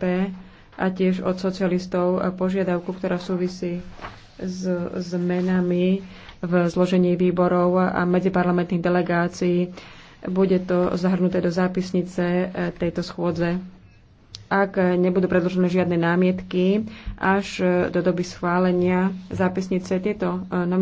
P a tiež od socialistov požiadavku, ktorá súvisí s zmenami v zložení výborov a medziparlamentných delegácií. Bude to zahrnuté do zápisnice eh, tejto schôdze. Ak nebudú predložené žiadne námietky, až eh, do doby schválenia zápisnice tieto eh, nominácie